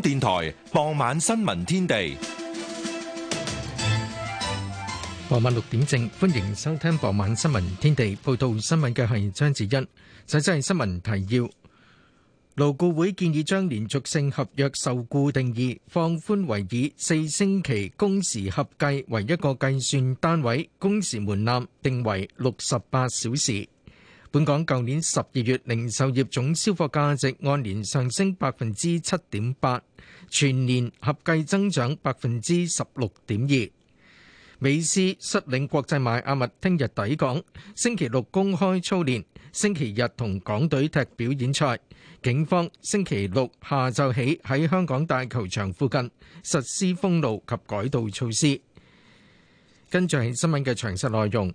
電台傍晚新聞天地，傍晚六點正，歡迎收聽傍晚新聞天地。報道新聞嘅係張志欣，詳細新聞提要。勞顧會建議將連續性合約受僱定義放寬，為以四星期工時合計為一個計算單位，工時門檻定為六十八小時。本港舊年十二月零售業總銷貨價值按年上升百分之七點八，全年合計增長百分之十六點二。美斯率領國際邁阿密聽日抵港，星期六公開操練，星期日同港隊踢表演賽。警方星期六下晝起喺香港大球場附近實施封路及改道措施。跟住係新聞嘅詳細內容。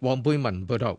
黃貝文，報道。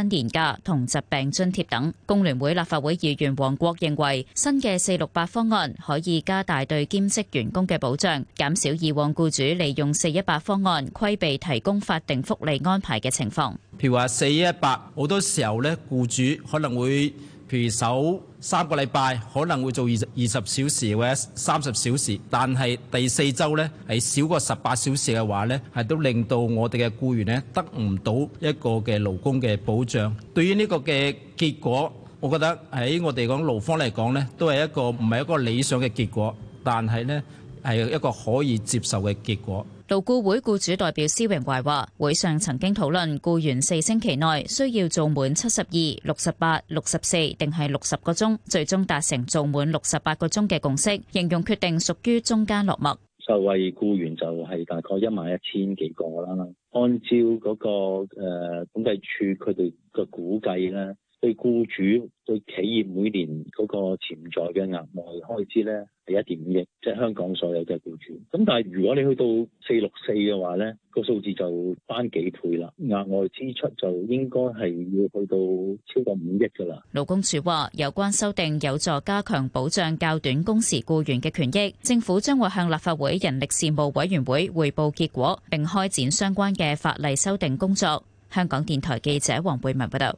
年假同疾病津貼等，工聯會立法會議員王國認為，新嘅四六八方案可以加大對兼職員工嘅保障，減少以往雇主利用四一八方案規避提供法定福利安排嘅情況。譬如話四一八，好多時候呢，雇主可能會。譬如首三個禮拜可能會做二二十小時或者三十小時，但係第四週呢，係少過十八小時嘅話呢，係都令到我哋嘅僱員呢得唔到一個嘅勞工嘅保障。對於呢個嘅結果，我覺得喺我哋講勞方嚟講呢，都係一個唔係一個理想嘅結果，但係呢，係一個可以接受嘅結果。勞顧會僱主代表施榮懷話：會上曾經討論僱員四星期內需要做滿七十二、六十八、六十四定係六十個鐘，最終達成做滿六十八個鐘嘅共識。形容決定屬於中間落墨。受惠僱員就係大概一萬一千幾個啦。按照嗰、那個誒統計處佢哋嘅估計呢。對僱主對企業每年嗰個潛在嘅額外開支呢，係一點五億，即係香港所有嘅僱主咁。但係如果你去到四六四嘅話呢個數字就翻幾倍啦，額外支出就應該係要去到超過五億噶啦。勞工處話，有關修訂有助加強保障較短工時僱員嘅權益，政府將會向立法會人力事務委員會匯報結果，並開展相關嘅法例修訂工作。香港電台記者黃貝文報道。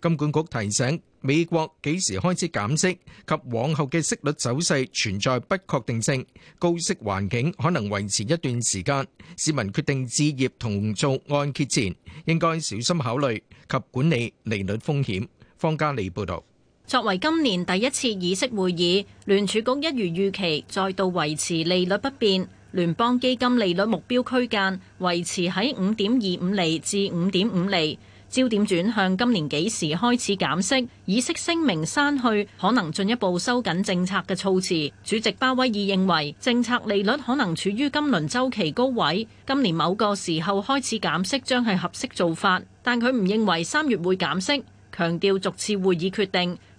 金管局提醒，美國幾時開始減息及往後嘅息率走勢存在不確定性，高息環境可能維持一段時間。市民決定置業同做按揭前，應該小心考慮及管理利率風險。方家利報道，作為今年第一次議息會議，聯儲局一如預期，再度維持利率不變，聯邦基金利率目標區間維持喺五點二五釐至五點五釐。焦點轉向今年幾時開始減息，以息聲明刪去可能進一步收緊政策嘅措辭。主席鮑威爾認為政策利率可能處於今輪周期高位，今年某個時候開始減息將係合適做法，但佢唔認為三月會減息，強調逐次會議決定。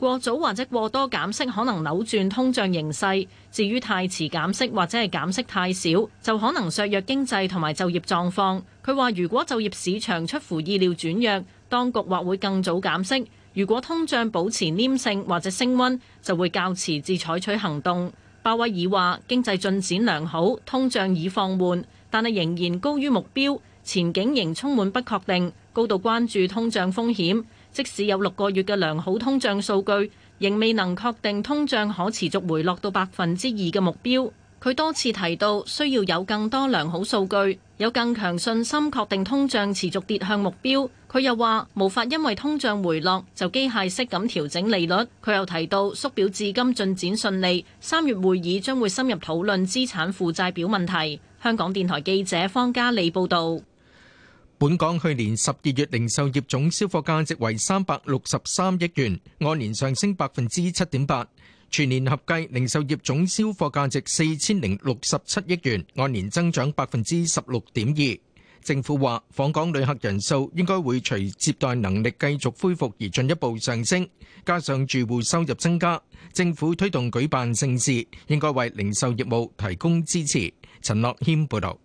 過早或者過多減息可能扭轉通脹形勢，至於太遲減息或者係減息太少，就可能削弱經濟同埋就業狀況。佢話：如果就業市場出乎意料轉弱，當局或會更早減息；如果通脹保持黏性或者升溫，就會較遲至採取行動。鮑威爾話：經濟進展良好，通脹已放緩，但係仍然高於目標，前景仍充滿不確定，高度關注通脹風險。即使有六個月嘅良好通脹數據，仍未能確定通脹可持續回落到百分之二嘅目標。佢多次提到需要有更多良好數據，有更強信心確定通脹持續跌向目標。佢又話無法因為通脹回落就機械式咁調整利率。佢又提到縮表至今進展順利，三月會議將會深入討論資產負債表問題。香港電台記者方嘉莉報道。本港去年十二月零售業總銷貨價值為三百六十三億元，按年上升百分之七點八。全年合計零售業總銷貨價值四千零六十七億元，按年增長百分之十六點二。政府話，訪港旅客人數應該會隨接待能力繼續恢復而進一步上升，加上住戶收入增加，政府推動舉辦盛事，應該為零售業務提供支持。陳樂謙報道。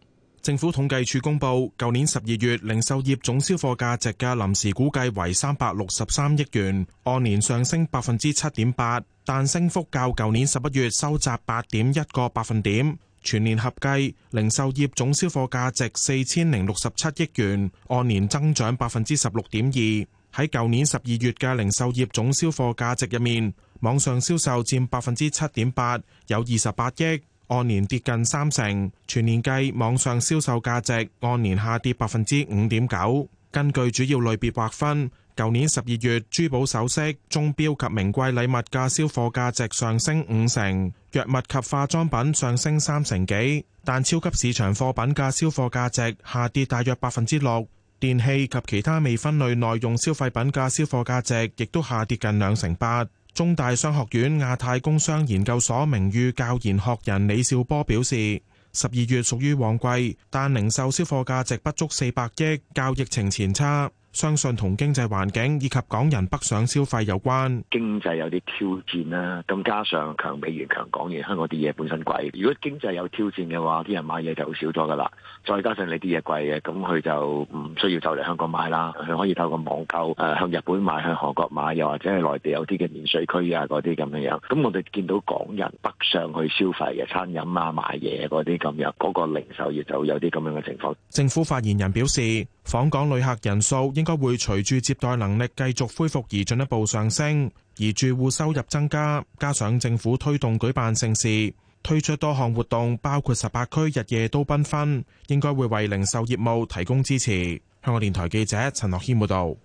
政府統計處公布，舊年十二月零售業總銷貨價值嘅臨時估計為三百六十三億元，按年上升百分之七點八，但升幅較舊年十一月收窄八點一個百分點。全年合計零售業總銷貨價值四千零六十七億元，按年增長百分之十六點二。喺舊年十二月嘅零售業總銷貨價值入面，網上銷售佔百分之七點八，有二十八億。按年跌近三成，全年計網上銷售價值按年下跌百分之五點九。根據主要類別劃分，舊年十二月珠寶首飾鐘錶及名貴禮物嘅銷貨價值上升五成，藥物及化妝品上升三成幾，但超級市場貨品嘅銷貨價值下跌大約百分之六，電器及其他未分類耐用消費品嘅銷貨價值亦都下跌近兩成八。中大商學院亞太工商研究所名譽教研學人李兆波表示，十二月屬於旺季，但零售銷貨價值不足四百億較疫情前差。相信同經濟環境以及港人北上消費有關。經濟有啲挑戰啦，咁加上強美元強港元，香港啲嘢本身貴，如果經濟有挑戰嘅話，啲人買嘢就好少咗噶啦。再加上你啲嘢貴嘅，咁佢就唔需要走嚟香港買啦，佢可以透過網購誒向日本買、向韓國買，又或者係內地有啲嘅免稅區啊嗰啲咁樣樣。咁我哋見到港人北上去消費嘅餐飲啊、買嘢嗰啲，咁樣嗰個零售業就有啲咁樣嘅情況。政府發言人表示。訪港旅客人數應該會隨住接待能力繼續恢復而進一步上升，而住戶收入增加，加上政府推動舉辦盛事，推出多項活動，包括十八區日夜都繽紛，紛，應該會為零售業務提供支持。香港電台記者陳樂謙報道。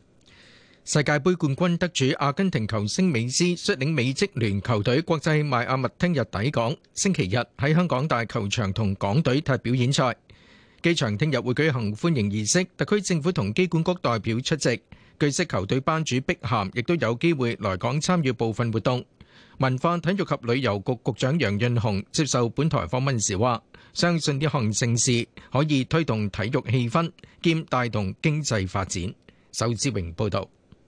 世界盃冠軍得主阿根廷球星美斯率領美職聯球隊國際邁阿密聽日抵港，星期日喺香港大球場同港隊踢表演賽。機場聽日會舉行歡迎儀式，特區政府同機管局代表出席。據悉，球隊班主碧咸亦都有機會來港參與部分活動。文化體育及旅遊局局長楊潤雄接受本台訪問時話：相信呢項盛事可以推動體育氣氛，兼帶動經濟發展。仇志榮報導。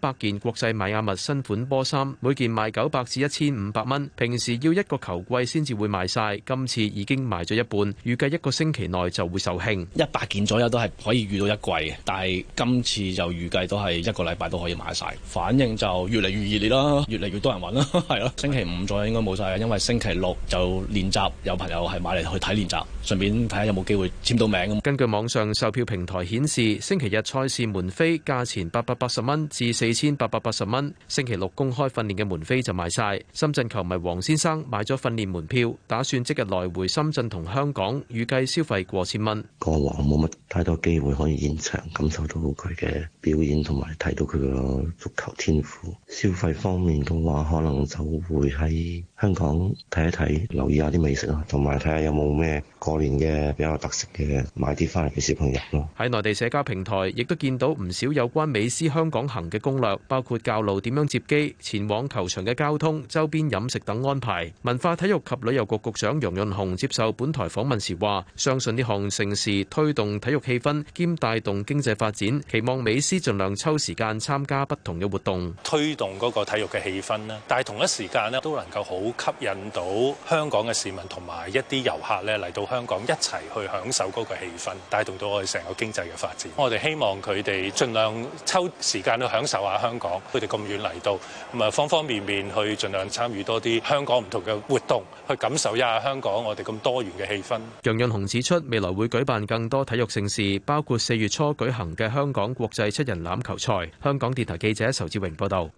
百件國際邁亞密新款波衫，每件賣九百至一千五百蚊。平時要一個球季先至會賣晒，今次已經賣咗一半，預計一個星期內就會售罄，一百件左右都係可以預到一季嘅。但係今次就預計都係一個禮拜都可以買晒，反應就越嚟越熱烈啦，越嚟越多人搵啦，係咯。星期五左右應該冇晒，因為星期六就練習，有朋友係買嚟去睇練習，順便睇下有冇機會簽到名咁。根據網上售票平台顯示，星期日賽事門飛價錢八百八十蚊至四四千八百八十蚊，星期六公開訓練嘅門飛就賣晒。深圳球迷黃先生買咗訓練門票，打算即日來回深圳同香港，預計消費過千蚊。過往冇乜太多機會可以現場感受到佢嘅表演，同埋睇到佢嘅足球天賦。消費方面嘅話，可能就會喺香港睇一睇，留意下啲美食咯，同埋睇下有冇咩過年嘅比較特色嘅買啲翻嚟俾小朋友咯。喺內地社交平台亦都見到唔少有關美斯香港行嘅公。包括教路點樣接機、前往球場嘅交通、周邊飲食等安排。文化體育及旅遊局局長楊潤雄接受本台訪問時話，相信呢項盛事推動體育氣氛，兼帶動經濟發展。期望美斯盡量抽時間參加不同嘅活動，推動嗰個體育嘅氣氛啦。但係同一時間咧，都能夠好吸引到香港嘅市民同埋一啲遊客咧嚟到香港一齊去享受嗰個氣氛，帶動到我哋成個經濟嘅發展。我哋希望佢哋盡量抽時間去享受啊。喺香港，佢哋咁遠嚟到，咁啊方方面面去盡量參與多啲香港唔同嘅活動，去感受一下香港我哋咁多元嘅氣氛。楊潤雄指出，未來會舉辦更多體育盛事，包括四月初舉行嘅香港國際七人欖球賽。香港電台記者仇志榮報道。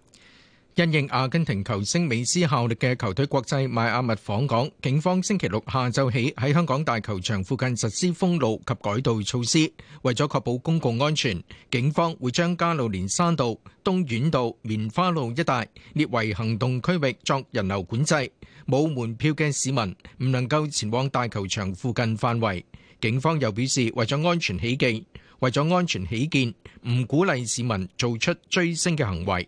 因應阿根廷球星美斯效力嘅球隊國際邁阿密訪港，警方星期六下晝起喺香港大球場附近實施封路及改道措施，為咗確保公共安全，警方會將加路連山道、東院道、棉花路一帶列為行動區域作人流管制。冇門票嘅市民唔能夠前往大球場附近範圍。警方又表示，為咗安全起見，為咗安全起見，唔鼓勵市民做出追星嘅行為。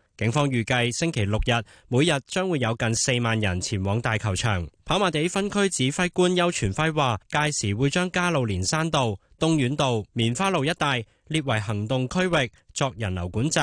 警方預計星期六日每日將會有近四萬人前往大球場。跑馬地分區指揮官邱全輝話，屆時會將加路連山道、東苑道、棉花路一帶列為行動區域作人流管制。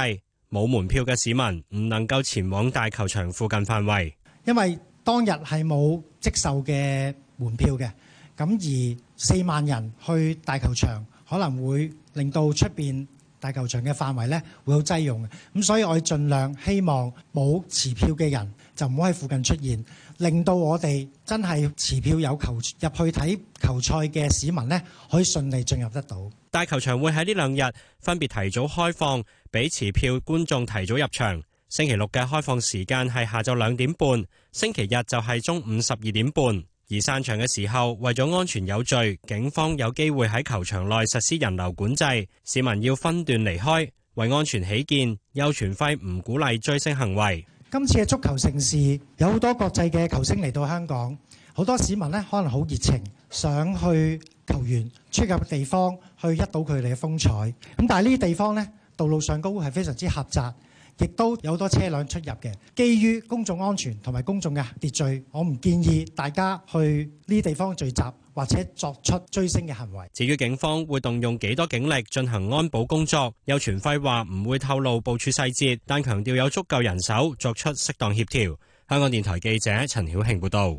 冇門票嘅市民唔能夠前往大球場附近範圍，因為當日係冇即售嘅門票嘅。咁而四萬人去大球場，可能會令到出面大球場嘅範圍咧，會有擠擁，咁所以我哋盡量希望冇持票嘅人就唔好喺附近出現，令到我哋真係持票有球入去睇球賽嘅市民咧，可以順利進入得到。大球場會喺呢兩日分別提早開放，俾持票觀眾提早入場。星期六嘅開放時間係下晝兩點半，星期日就係中午十二點半。而散場嘅時候，為咗安全有序，警方有機會喺球場內實施人流管制，市民要分段離開。為安全起見，邱傳輝唔鼓勵追星行為。今次嘅足球盛事，有好多國際嘅球星嚟到香港，好多市民呢可能好熱情，想去球員出入嘅地方去一睹佢哋嘅風采。咁但係呢啲地方呢，道路上高係非常之狹窄。亦都有好多車輛出入嘅，基於公眾安全同埋公眾嘅秩序，我唔建議大家去呢地方聚集或者作出追星嘅行為。至於警方會動用幾多警力進行安保工作，邱傳輝話唔會透露部署細節，但強調有足夠人手作出適當協調。香港電台記者陳曉慶報導。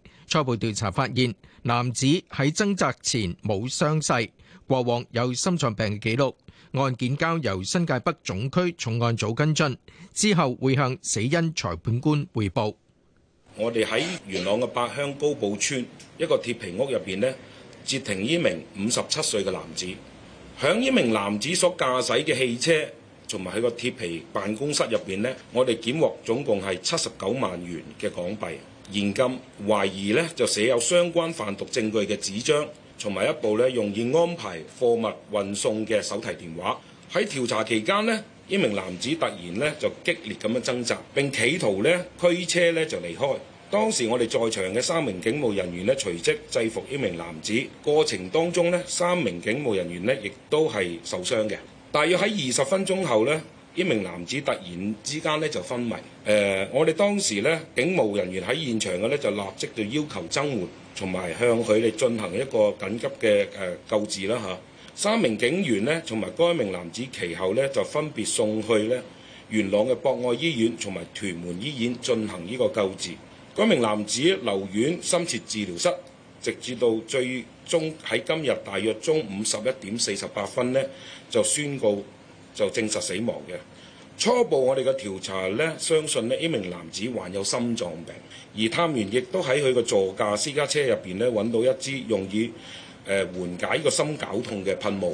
初步調查發現，男子喺掙扎前冇傷勢，過往有心臟病嘅記錄。案件交由新界北總區重案組跟進，之後會向死因裁判官彙報。我哋喺元朗嘅八鄉高埔村一個鐵皮屋入邊咧截停呢名五十七歲嘅男子，響呢名男子所駕駛嘅汽車同埋喺個鐵皮辦公室入邊呢我哋檢獲總共係七十九萬元嘅港幣現金，懷疑咧就寫有相關販毒證據嘅紙張，同埋一部咧容易安排貨物運送嘅手提電話。喺調查期間呢，呢名男子突然咧就激烈咁樣掙扎，並企圖咧驅車咧就離開。當時我哋在場嘅三名警務人員咧隨即制服呢名男子，過程當中呢，三名警務人員咧亦都係受傷嘅。大約喺二十分鐘後咧。一名男子突然之間咧就昏迷，誒、呃，我哋當時咧警務人員喺現場嘅咧就立即就要求增援，同埋向佢哋進行一個緊急嘅誒救治啦嚇。三名警員咧同埋該名男子其後咧就分別送去咧元朗嘅博愛醫院同埋屯門醫院進行呢個救治。嗰名男子留院深切治療室，直至到最終喺今日大約中午十一點四十八分咧就宣告。就證實死亡嘅。初步，我哋嘅調查咧，相信呢名男子患有心臟病，而探員亦都喺佢個座駕私家車入邊咧揾到一支用於誒緩解個心絞痛嘅噴霧。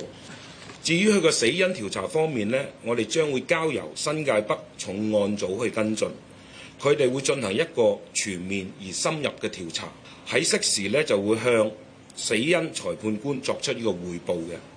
至於佢個死因調查方面咧，我哋將會交由新界北重案組去跟進，佢哋會進行一個全面而深入嘅調查，喺適時咧就會向死因裁判官作出呢個匯報嘅。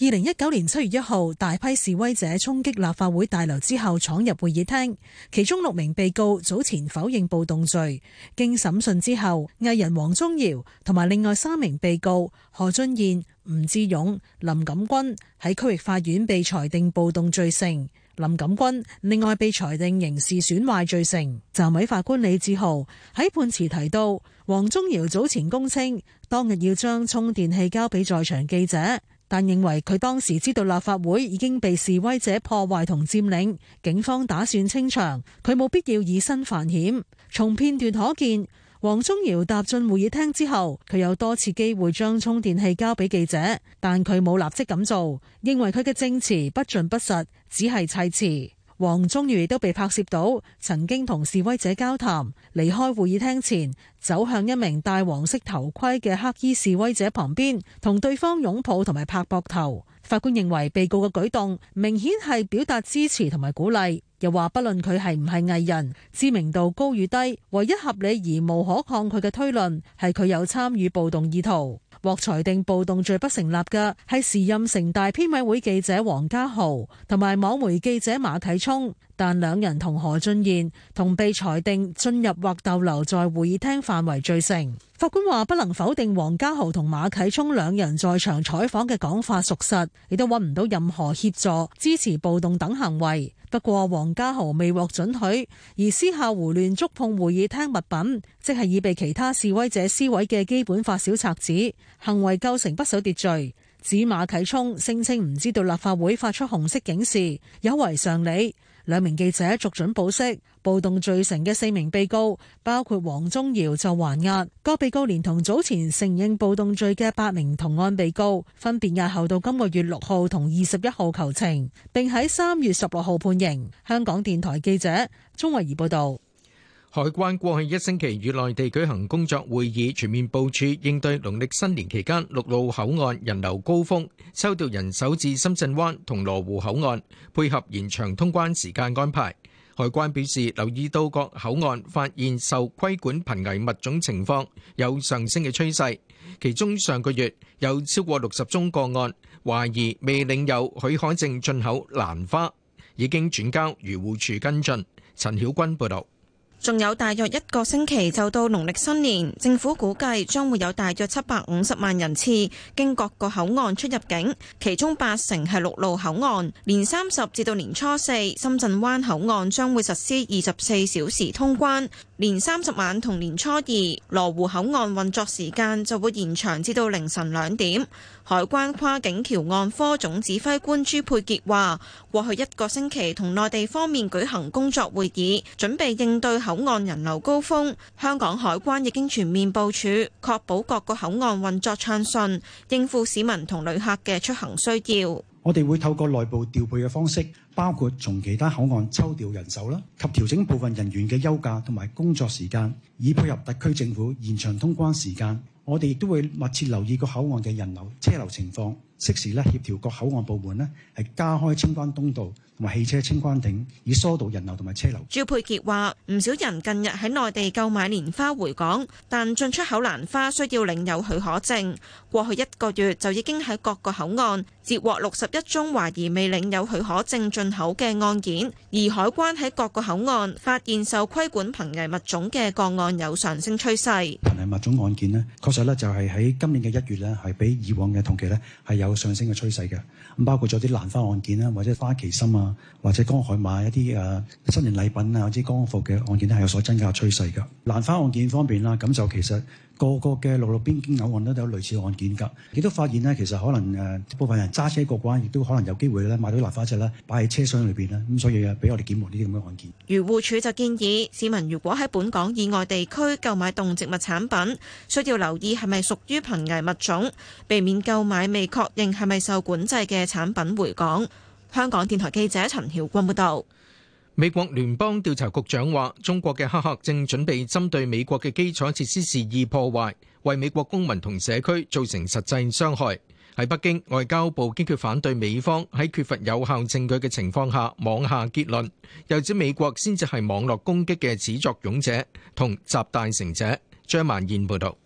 二零一九年七月一號，大批示威者衝擊立法會大樓之後，闖入會議廳。其中六名被告早前否認暴動罪，經審訊之後，藝人王宗堯同埋另外三名被告何俊彥、吳志勇、林錦君，喺區域法院被裁定暴動罪成。林錦君另外被裁定刑事損壞罪成。暫委法官李志豪喺判詞提到，王宗堯早前供稱當日要將充電器交俾在場記者。但認為佢當時知道立法會已經被示威者破壞同佔領，警方打算清場，佢冇必要以身犯險。從片段可見，黃宗堯踏進會議廳之後，佢有多次機會將充電器交俾記者，但佢冇立即咁做，認為佢嘅證詞不盡不實，只係砌詞。王宗堯都被拍攝到曾經同示威者交談，離開會議廳前走向一名戴黃色頭盔嘅黑衣示威者旁邊，同對方擁抱同埋拍膊頭。法官認為被告嘅舉動明顯係表達支持同埋鼓勵，又話不論佢係唔係藝人，知名度高與低，唯一合理而無可抗拒嘅推論係佢有參與暴動意圖。獲裁定暴動罪不成立嘅係時任城大編委會記者黃家豪同埋網媒記者馬啟聰。但兩人同何俊賢同被裁定進入或逗留在會議廳範圍罪成。法官話：不能否定黃家豪同馬啟聰兩人在場採訪嘅講法屬實，亦都揾唔到任何協助支持暴動等行為。不過黃家豪未獲准許，而私下胡亂觸碰會議廳物品，即係已被其他示威者撕毀嘅基本法小冊子，行為構成不守秩序。指馬啟聰聲稱唔知道立法會發出紅色警示，有違常理。兩名記者獲准保釋，暴動罪成嘅四名被告，包括黃宗堯就還押。各被告連同早前承認暴動罪嘅八名同案被告，分別押後到今個月六號同二十一號求情，並喺三月十六號判刑。香港電台記者鍾慧儀報道。海關過去一星期與內地舉行工作會議，全面部署應對農曆新年期間陸路口岸人流高峰，抽調人手至深圳灣同羅湖口岸，配合延長通關時間安排。海關表示，留意到各口岸發現受規管瀕危物種情況有上升嘅趨勢，其中上個月有超過六十宗個案懷疑未領有許可證進口蘭花，已經轉交漁護署跟進。陳曉君報道。仲有大約一個星期就到農曆新年，政府估計將會有大約七百五十萬人次經各個口岸出入境，其中八成係陸路口岸。年三十至到年初四，深圳灣口岸將會實施二十四小時通關；年三十晚同年初二，羅湖口岸運作時間就會延長至到凌晨兩點。海關跨境橋岸科總指揮官朱佩杰話，過去一個星期同內地方面舉行工作會議，準備應對口岸人流高峰。香港海關已經全面部署，確保各個口岸運作暢順，應付市民同旅客嘅出行需要。我哋會透過內部調配嘅方式，包括從其他口岸抽調人手啦，及調整部分人員嘅休假同埋工作時間，以配合特區政府延長通關時間。我哋亦都會密切留意各口岸嘅人流、車流情況，適時咧協調各口岸部門係加開清關通道。同埋汽車清關頂，以疏導人流同埋車流。趙佩傑話：唔少人近日喺內地購買蓮花回港，但進出口蘭花需要領有許可證。過去一個月就已經喺各個口岸截獲六十一宗懷疑未領有許可證進口嘅案件，而海關喺各個口岸發現受規管瀕危物種嘅個案有上升趨勢。瀕危物種案件咧，確實咧就係喺今年嘅一月咧，係比以往嘅同期咧係有上升嘅趨勢嘅。咁包括咗啲蘭花案件啦，或者花旗參啊。或者江海買一啲誒新年禮品啊，或者江服嘅案件咧係有所增加嘅趨勢㗎。蘭花案件方面啦，咁就其實個個嘅陸路邊境口岸都有類似嘅案件㗎。亦都發現呢，其實可能誒部分人揸車過關，亦都可能有機會咧買到啲蘭花仔咧，擺喺車廂裏邊咧，咁所以啊，俾我哋檢獲呢啲咁嘅案件。漁護署就建議市民如果喺本港以外地區購買動植物產品，需要留意係咪屬於瀕危物種，避免購買未確認係咪受管制嘅產品回港。香港電台記者陳曉君報道，美國聯邦調查局長話，中國嘅黑客正準備針對美國嘅基礎設施肆意破壞，為美國公民同社區造成實際傷害。喺北京，外交部堅決反對美方喺缺乏有效證據嘅情況下妄下結論，又指美國先至係網絡攻擊嘅始作俑者同集大成者。張曼燕報道。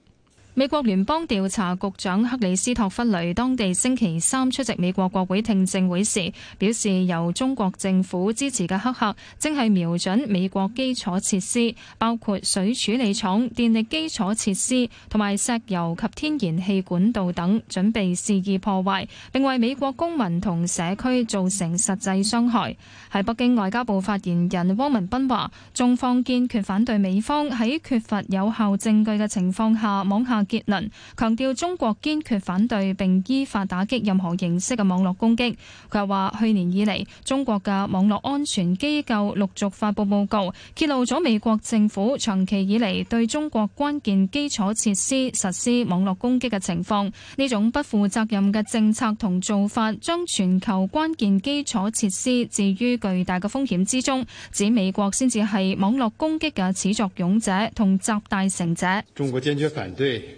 美國聯邦調查局長克里斯托弗雷當地星期三出席美國國會聽證會時，表示由中國政府支持嘅黑客正係瞄準美國基礎設施，包括水處理廠、電力基礎設施同埋石油及天然氣管道等，準備肆意破壞，並為美國公民同社區造成實際傷害。喺北京，外交部發言人汪文斌話，中方堅決反對美方喺缺乏有效證據嘅情況下，網下。結論強調中國堅決反對並依法打擊任何形式嘅網絡攻擊。佢又話：去年以嚟，中國嘅網絡安全機構陸續發布報告，揭露咗美國政府長期以嚟對中國關鍵基礎設施實施網絡攻擊嘅情況。呢種不負責任嘅政策同做法，將全球關鍵基礎設施置於巨大嘅風險之中，指美國先至係網絡攻擊嘅始作俑者同集大成者。中國堅決反對。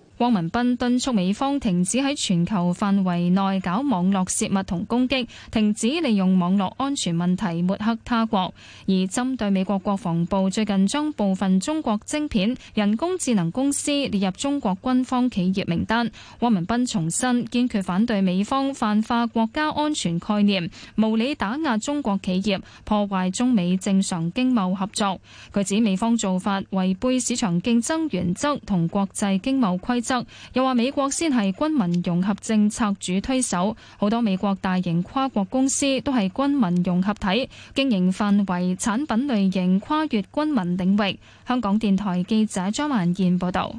汪文斌敦促美方停止喺全球範圍內搞網絡洩密同攻擊，停止利用網絡安全問題抹黑他國。而針對美國國防部最近將部分中國晶片、人工智能公司列入中國軍方企業名單，汪文斌重申堅決反對美方泛化國家安全概念、無理打壓中國企業、破壞中美正常經貿合作。佢指美方做法違背市場競爭原則同國際經貿規則。又話美國先係軍民融合政策主推手，好多美國大型跨國公司都係軍民融合體，經營範圍、產品類型跨越軍民領域。香港電台記者張曼燕報道。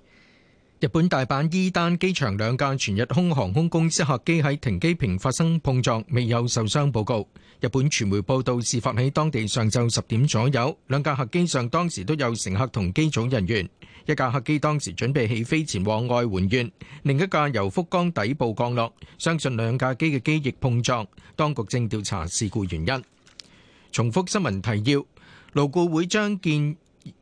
日本大阪伊丹機場兩架全日空航空公司客機喺停機坪發生碰撞，未有受傷報告。日本傳媒報道，事發喺當地上晝十點左右，兩架客機上當時都有乘客同機組人員。一架客機當時準備起飛前往外環縣，另一架由福岡底部降落。相信兩架機嘅機翼碰撞，當局正調查事故原因。重複新聞提要：勞雇會將建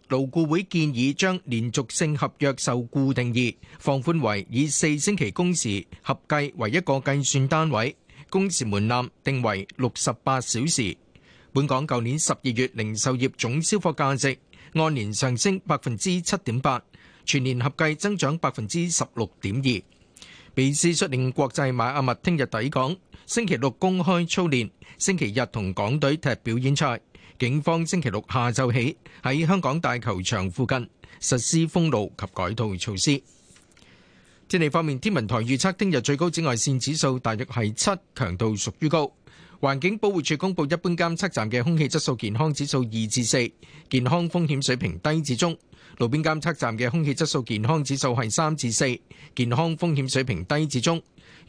勞顧會建議將連續性合約受僱定義放寬為以四星期工時合計為一個計算單位，工時門檻定為六十八小時。本港舊年十二月零售業總銷貨價值按年上升百分之七點八，全年合計增長百分之十六點二。美斯率領國際邁阿密聽日抵港，星期六公開操練，星期日同港隊踢表演賽。警方星期六下晝起喺香港大球場附近實施封路及改道措施。天氣方面，天文台預測聽日最高紫外線指數大約係七，強度屬於高。環境保護署公佈一般監測站嘅空氣質素健康指數二至四，健康風險水平低至中；路邊監測站嘅空氣質素健康指數係三至四，健康風險水平低至中。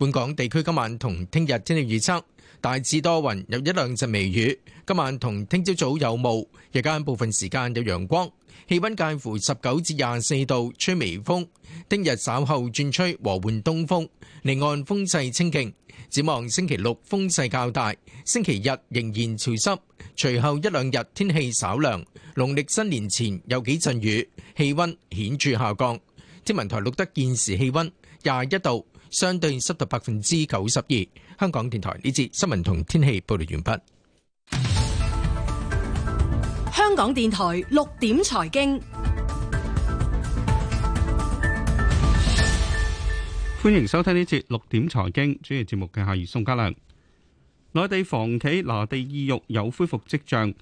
本港地區今晚同聽日天氣預測，大致多雲，有一兩陣微雨。今晚同聽朝早有霧，日間部分時間有陽光，氣温介乎十九至廿四度，吹微風。聽日稍後轉吹和緩東風，離岸風勢清勁。展望星期六風勢較大，星期日仍然潮濕，隨後一兩日天氣稍涼。農曆新年前有幾陣雨，氣温顯著下降。天文台錄得現時氣温廿一度。相對濕度百分之九十二。香港電台呢節新聞同天氣報導完畢。香港電台六點財經，歡迎收聽呢節六點財經專業節目嘅係宋嘉良。內地房企拿地意欲有恢復跡象，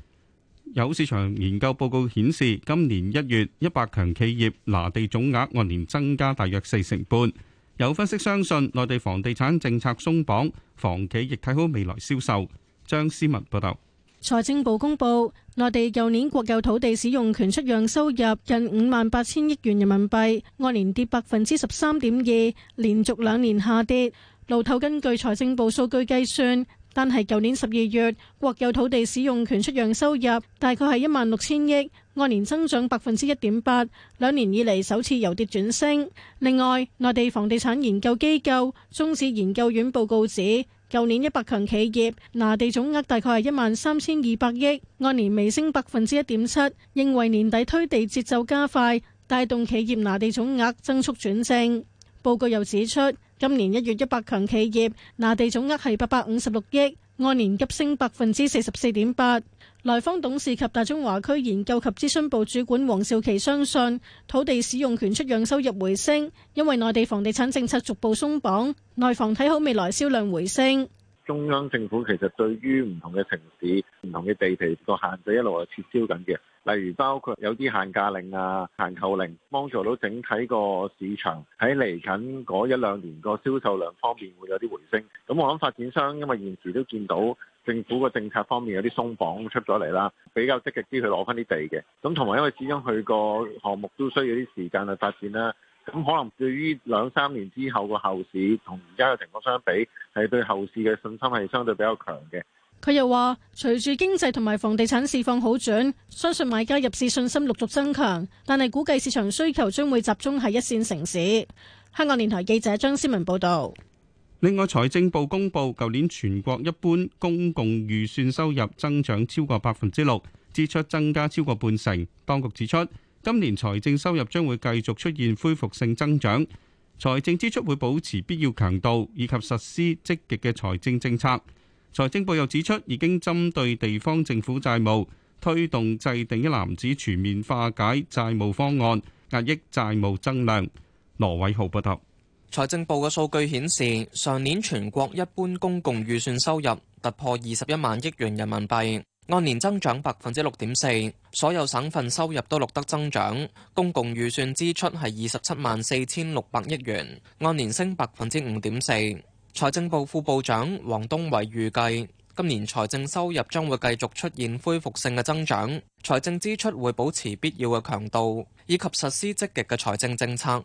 有市場研究報告顯示，今年一月一百強企業拿地總額按年增加大約四成半。有分析相信，內地房地產政策鬆綁，房企亦睇好未來銷售。張思文報道，財政部公布內地舊年國有土地使用權出讓收入近五萬八千億元人民幣，按年跌百分之十三點二，連續兩年下跌。路透根據財政部數據計算，但係舊年十二月國有土地使用權出讓收入大概係一萬六千億。按年增長百分之一點八，兩年以嚟首次由跌轉升。另外，內地房地產研究機構中指研究院報告指，舊年一百強企業拿地總額大概係一萬三千二百億，按年微升百分之一點七，認為年底推地節奏加快，帶動企業拿地總額增速轉正。報告又指出，今年一月一百強企業拿地總額係八百五十六億，按年急升百分之四十四點八。來方董事及大中華區研究及諮詢部主管黃少琪相信土地使用權出讓收入回升，因為內地房地產政策逐步鬆綁，內房睇好未來銷量回升。中央政府其實對於唔同嘅城市，唔同嘅地皮個限制一路係撤銷緊嘅，例如包括有啲限價令啊、限購令，幫助到整體個市場喺嚟緊嗰一兩年個銷售量方面會有啲回升。咁我諗發展商因為現時都見到。政府嘅政策方面有啲鬆綁出咗嚟啦，比較積極啲去攞翻啲地嘅。咁同埋因為始終佢個項目都需要啲時間去發展啦，咁可能對於兩三年之後個後市同而家嘅情況相比，係對後市嘅信心係相對比較強嘅。佢又話，隨住經濟同埋房地產市況好轉，相信買家入市信心陸續增強，但係估計市場需求將會集中喺一線城市。香港電台記者張思文報道。另外，財政部公布舊年全國一般公共預算收入增長超過百分之六，支出增加超過半成。當局指出，今年財政收入將會繼續出現恢復性增長，財政支出會保持必要強度，以及實施積極嘅財政政策。財政部又指出，已經針對地方政府債務，推動制定一籃子全面化解債務方案，壓抑債務增量。羅偉浩報道。財政部嘅數據顯示，上年全國一般公共預算收入突破二十一萬億元人民幣，按年增長百分之六點四，所有省份收入都錄得增長，公共預算支出係二十七萬四千六百億元，按年升百分之五點四。財政部副部長王東偉預計，今年財政收入將會繼續出現恢復性嘅增長，財政支出會保持必要嘅強度，以及實施積極嘅財政政策。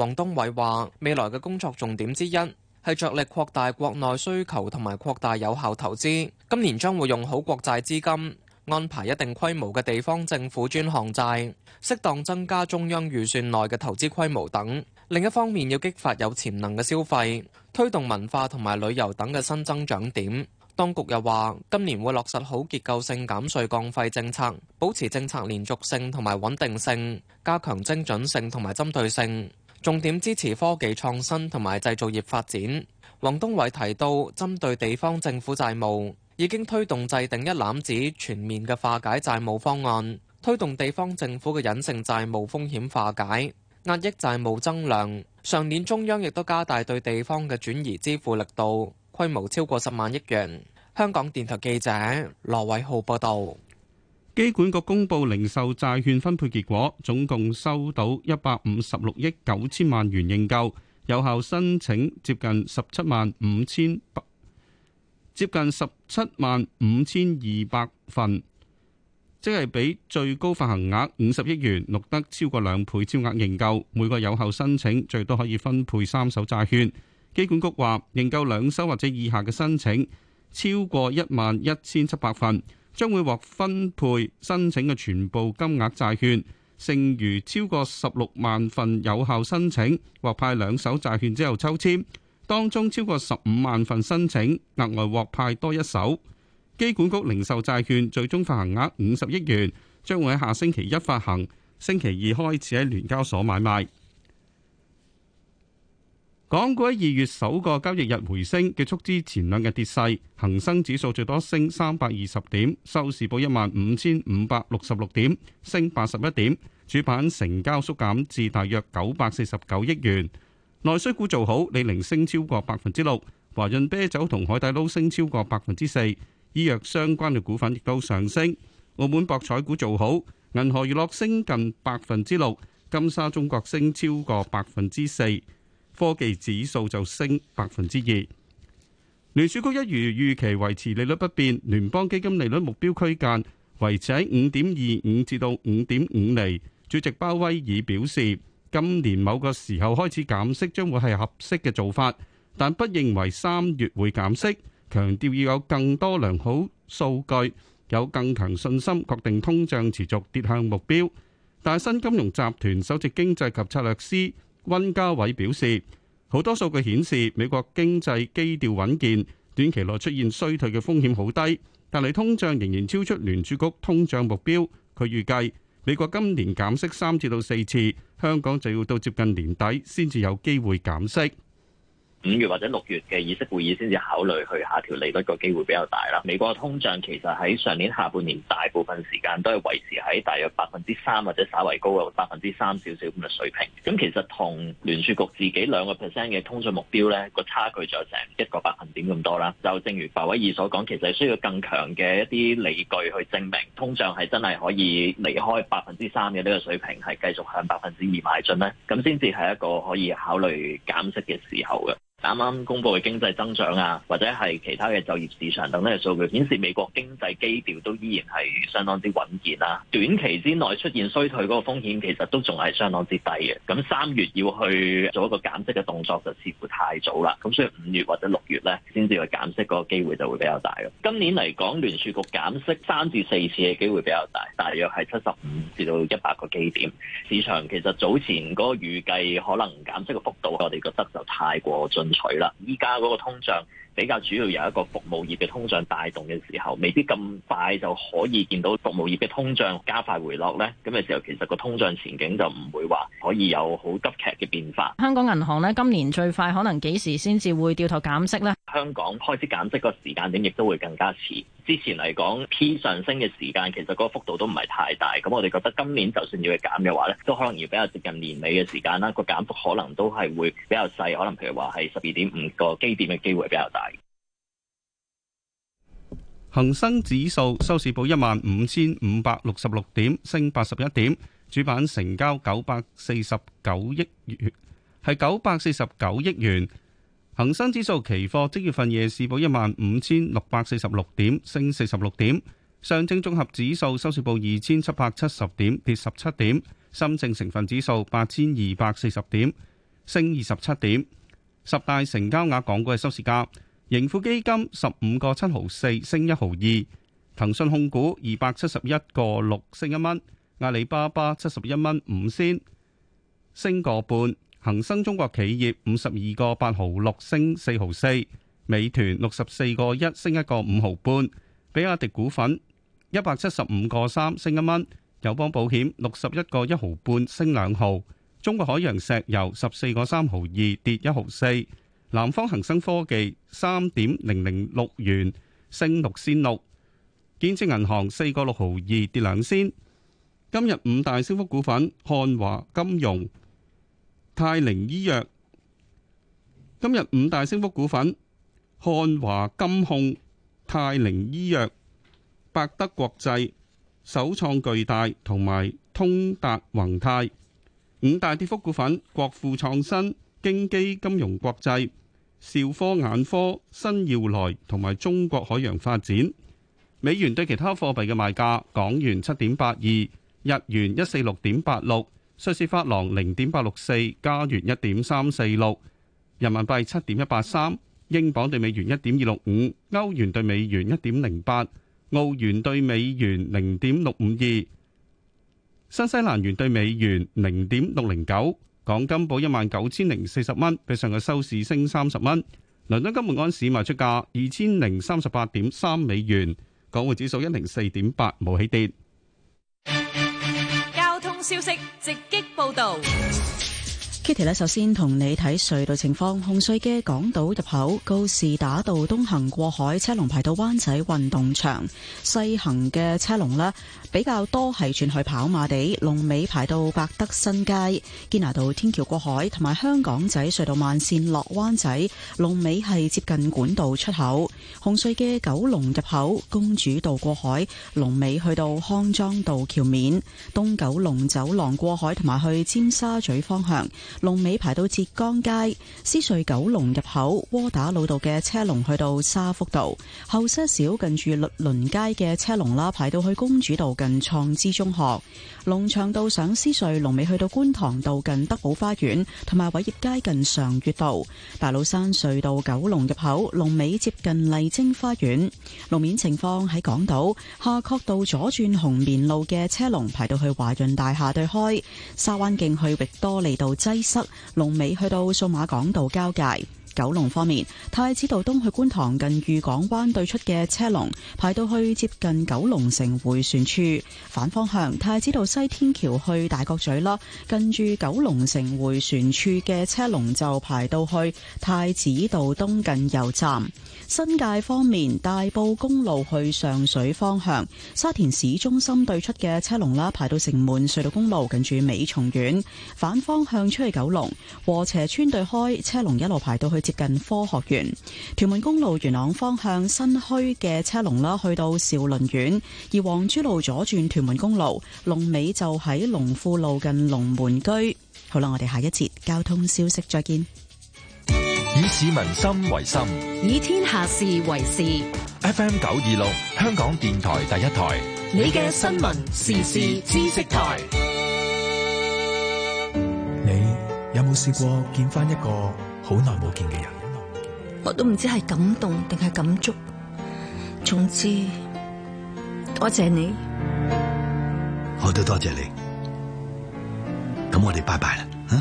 王東偉話，未來嘅工作重點之一係着力擴大國內需求，同埋擴大有效投資。今年將會用好國債資金，安排一定規模嘅地方政府專項債，適當增加中央預算內嘅投資規模等。另一方面，要激發有潛能嘅消費，推動文化同埋旅遊等嘅新增長點。當局又話，今年會落實好結構性減稅降費政策，保持政策連續性同埋穩定性，加強精準性同埋針對性。重點支持科技創新同埋製造業發展。王東偉提到，針對地方政府債務，已經推動制定一攬子全面嘅化解債務方案，推動地方政府嘅隱性債務風險化解，壓抑債務增量。上年中央亦都加大對地方嘅轉移支付力度，規模超過十萬億元。香港電台記者羅偉浩報道。機管局公布零售債券分配結果，總共收到一百五十六億九千萬元認購，有效申請接近十七萬五千，接近十七萬五千二百份，即係比最高發行額五十億元錄得超過兩倍超額認購。每個有效申請最多可以分配三手債券。機管局話，認購兩手或者以下嘅申請超過一萬一千七百份。將會獲分配申請嘅全部金額債券，剩餘超過十六萬份有效申請獲派兩手債券之後抽籤，當中超過十五萬份申請額外獲派多一手。機管局零售債券最終發行額五十億元，將會喺下星期一發行，星期二開始喺聯交所買賣。港股喺二月首個交易日回升，結束之前兩日跌勢。恒生指數最多升三百二十點，收市報一萬五千五百六十六點，升八十一點。主板成交縮減至大約九百四十九億元。內需股做好，李寧升超過百分之六，華潤啤酒同海底撈升超過百分之四。醫藥相關嘅股份亦都上升。澳門博彩股做好，銀河娛樂升近百分之六，金沙中國升超過百分之四。科技指數就升百分之二。聯儲局一如預期維持利率不變，聯邦基金利率目標區間維持喺五點二五至到五點五釐。主席鮑威爾表示，今年某個時候開始減息將會係合適嘅做法，但不認為三月會減息，強調要有更多良好數據，有更強信心確定通脹持續跌向目標。大新金融集團首席經濟及策略師，溫家偉表示，好多數據顯示美國經濟基調穩健，短期內出現衰退嘅風險好低，但係通脹仍然超出聯儲局通脹目標。佢預計美國今年減息三至到四次，香港就要到接近年底先至有機會減息。五月或者六月嘅議息會議先至考慮去下調利率嘅機會比較大啦。美國嘅通脹其實喺上年下半年大部分時間都係維持喺大約百分之三或者稍為高嘅百分之三少少咁嘅水平。咁其實同聯儲局自己兩個 percent 嘅通脹目標咧個差距就成一個百分點咁多啦。就正如鮑威爾所講，其實需要更強嘅一啲理據去證明通脹係真係可以離開百分之三嘅呢個水平，係繼續向百分之二邁進咧，咁先至係一個可以考慮減息嘅時候嘅。啱啱公布嘅經濟增長啊，或者係其他嘅就業市場等等嘅數據顯示，美國經濟基調都依然係相當之穩健啦、啊。短期之內出現衰退嗰個風險其實都仲係相當之低嘅。咁三月要去做一個減息嘅動作就似乎太早啦。咁所以五月或者六月咧，先至去減息嗰個機會就會比較大。今年嚟講，聯儲局減息三至四次嘅機會比較大，大約係七十五至到一百個基點。市場其實早前嗰個預計可能減息嘅幅度，我哋覺得就太過盡。除啦，依家嗰個通脹比較主要由一個服務業嘅通脹帶動嘅時候，未必咁快就可以見到服務業嘅通脹加快回落。呢咁嘅時候，其實個通脹前景就唔會話可以有好急劇嘅變化。香港銀行咧，今年最快可能幾時先至會掉頭減息呢？香港開始減息個時間點亦都會更加遲。之前嚟講偏上升嘅時間其實嗰個幅度都唔係太大，咁我哋覺得今年就算要去減嘅話咧，都可能要比較接近年尾嘅時間啦。個減幅可能都係會比較細，可能譬如話係十二點五個基點嘅機會比較大。恒生指數收市報一萬五千五百六十六點，升八十一點，主板成交九百四十九億元，係九百四十九億元。恒生指數期貨即月份夜市報一萬五千六百四十六點，升四十六點。上證綜合指數收市報二千七百七十點，跌十七點。深證成分指數八千二百四十點，升二十七點。十大成交額港股嘅收市價：盈富基金十五個七毫四，升一毫二；騰訊控股二百七十一個六，升一蚊；阿里巴巴七十一蚊五仙，升個半。恒生中國企業五十二個八毫六升四毫四，美團六十四個一升一個五毫半，比亞迪股份一百七十五個三升一蚊，友邦保險六十一個一毫半升兩毫，中國海洋石油十四個三毫二跌一毫四，南方恒生科技三點零零六元升六仙六，建設銀行四個六毫二跌兩仙。今日五大升幅股份：漢華金融。泰凌醫藥。今日五大升幅股份漢華金控、泰凌醫藥、百德國際、首創巨大同埋通達宏泰。五大跌幅股份：國富創新、京基金融國際、兆科眼科、新耀來同埋中國海洋發展。美元對其他貨幣嘅賣價：港元七點八二，日元一四六點八六。瑞士法郎零點八六四，加元一點三四六，人民幣七點一八三，英鎊兌美元一點二六五，歐元兌美元一點零八，澳元兌美元零點六五二，新西蘭元兌美元零點六零九。港金報一萬九千零四十蚊，比上日收市升三十蚊。倫敦金每安士賣出價二千零三十八點三美元，港匯指數一零四點八，冇起跌。消息直擊報導。Kitty 呢，Katie，首先同你睇隧道情況。紅隧嘅港島入口，高士打道東行過海，車龍排到灣仔運動場；西行嘅車龍呢比較多，係轉去跑馬地，龍尾排到百德新街、堅拿道天橋過海，同埋香港仔隧道慢綫落灣仔，龍尾係接近管道出口。紅隧嘅九龍入口，公主道過海，龍尾去到康莊道橋面；東九龍走廊過海，同埋去尖沙咀方向。龍尾排到浙江街。獅隧九龍入口窩打老道嘅車龍去到沙福道，後些少近住律倫街嘅車龍啦，排到去公主道近創知中學，龍翔道上獅隧龍尾去到觀塘道近德寶花園，同埋偉業街近常悅道，大老山隧道九龍入口龍尾接近麗晶花園，路面情況喺港島夏慤道左轉紅棉路嘅車龍排到去華潤大廈對開，沙灣徑去域多利道擠塞龍尾去到數碼港道交界。九龍方面，太子道東去觀塘近御港灣對出嘅車龍排到去接近九龍城回旋處；反方向太子道西天橋去大角咀啦，近住九龍城回旋處嘅車龍就排到去太子道東近油站。新界方面，大埔公路去上水方向，沙田市中心對出嘅車龍啦，排到城門隧道公路近住美松苑；反方向出去九龍和斜村對開，車龍一路排到去。近科學園，屯門公路元朗方向新墟嘅車龍啦，去到兆麟苑；而黃珠路左轉屯門公路，龍尾就喺龍富路近龍門居。好啦，我哋下一節交通消息再見。以市民心為心，以天下事為事。FM 九二六，香港電台第一台，你嘅新聞時事知識台。你有冇試過見翻一個？好耐冇見嘅人，我都唔知係感動定係感觸。總之，多謝你，我都多謝你。咁我哋拜拜啦，吓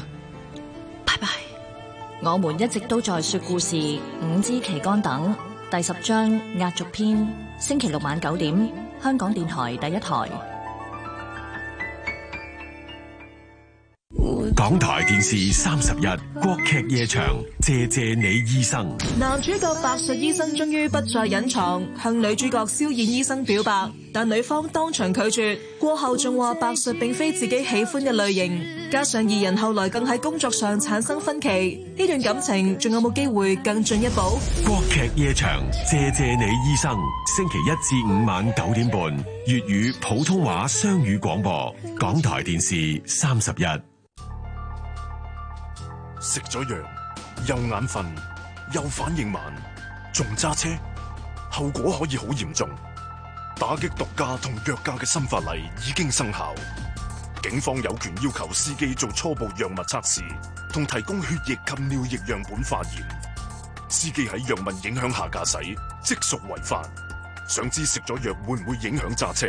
拜拜。Bye bye. 我們一直都在說故事，《五枝旗桿等》第十章壓軸篇，星期六晚九點，香港電台第一台。港台電視三十一國劇夜場，謝謝你醫生。男主角白術醫生終於不再隱藏，向女主角蕭燕醫生表白，但女方當場拒絕，過後仲話白術并非自己喜歡嘅類型，加上二人後來更喺工作上產生分歧，呢段感情仲有冇機會更進一步？國劇夜場，謝謝你醫生。星期一至五晚九點半，粵語普通話雙語廣播，港台電視三十一。食咗藥又眼瞓又反應慢，仲揸車，後果可以好嚴重。打擊毒駕同藥駕嘅新法例已經生效，警方有權要求司機做初步藥物測試，同提供血液及尿液樣本化驗。司機喺藥物影響下駕駛，即屬違法。想知食咗藥會唔會影響揸車？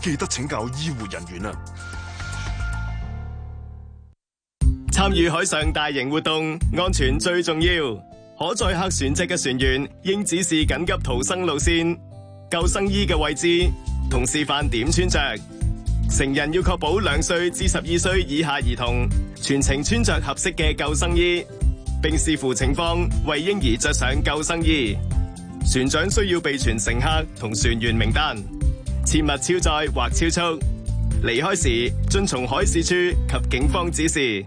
記得請教醫護人員啊！參與海上大型活動，安全最重要。可載客船隻嘅船員應指示緊急逃生路線、救生衣嘅位置同示範點穿着。成人要確保兩歲至十二歲以下兒童全程穿着合適嘅救生衣，並視乎情況為嬰兒着上救生衣。船長需要備存乘客同船員名單。切勿超載或超速。離開時遵從海事處及警方指示。